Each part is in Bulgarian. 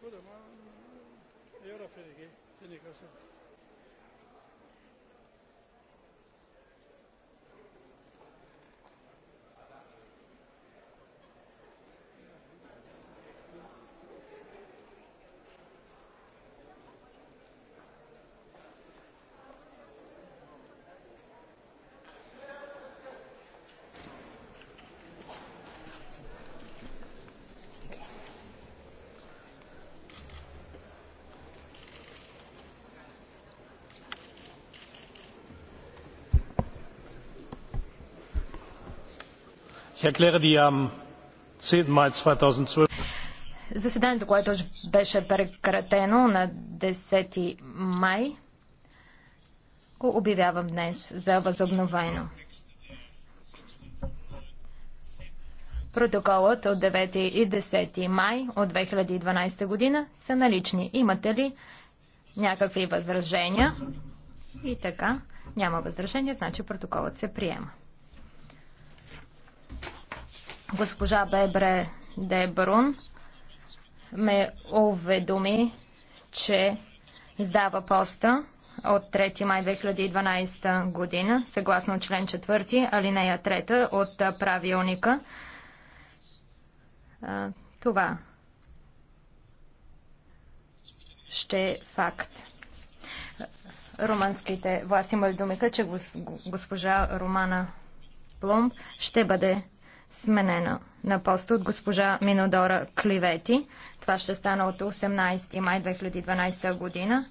Шкода, ма Еўрофиниги, финикасы. Заседанието, което беше прекратено на 10 май, го обявявам днес за възобновено. Протоколът от 9 и 10 май от 2012 година са налични. Имате ли някакви възражения? И така, няма възражения, значи протоколът се приема госпожа Бебре Дебрун ме уведоми, че издава поста от 3 май 2012 година, съгласно член 4, алинея 3 от правилника. Това ще е факт. Румънските власти ме уведомиха, че госпожа Романа Пломб ще бъде сменена на поста от госпожа Минодора Кливети. Това ще стане от 18 май 2012 година,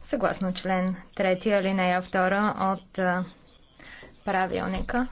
съгласно член 3 алинея 2 от правилника.